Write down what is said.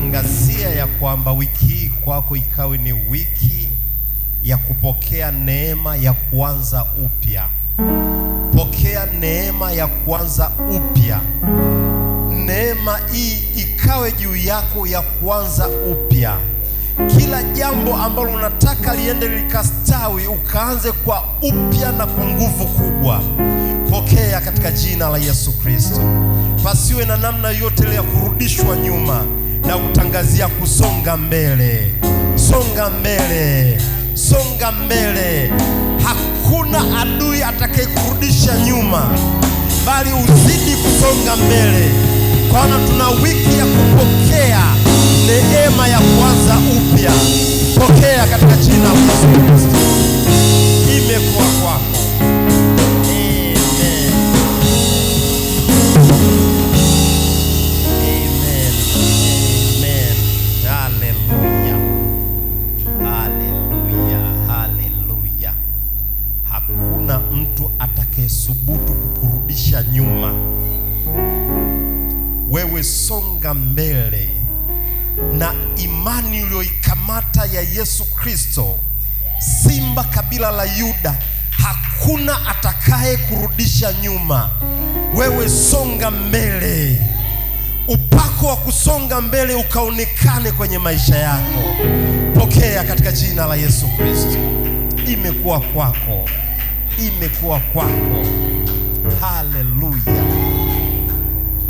ninakutangazia ya kwamba wiki hii kwako ikawe ni wiki ya kupokea neema ya kuanza upya. Pokea neema ya kuanza upya. Neema hii ikawe juu yako ya kuanza upya. Kila jambo ambalo unataka liende likastawi, ukaanze kwa upya na kwa nguvu kubwa. Pokea katika jina la Yesu Kristo, pasiwe na namna yote ya kurudishwa kazi ya kusonga mbele, songa mbele, songa mbele. Hakuna adui atakayekurudisha nyuma, bali uzidi kusonga mbele, kwaana tuna wiki ya kupokea neema ya kuanza upya. Pokea katika jina la Yesu. hakuna mtu atakayesubutu kukurudisha nyuma. Wewe songa mbele na imani uliyoikamata ya Yesu Kristo, simba kabila la Yuda, hakuna atakaye kurudisha nyuma. Wewe songa mbele, upako wa kusonga mbele ukaonekane kwenye maisha yako. Pokea katika jina la Yesu Kristo. Imekuwa kwako imekuwa kwako. Haleluya.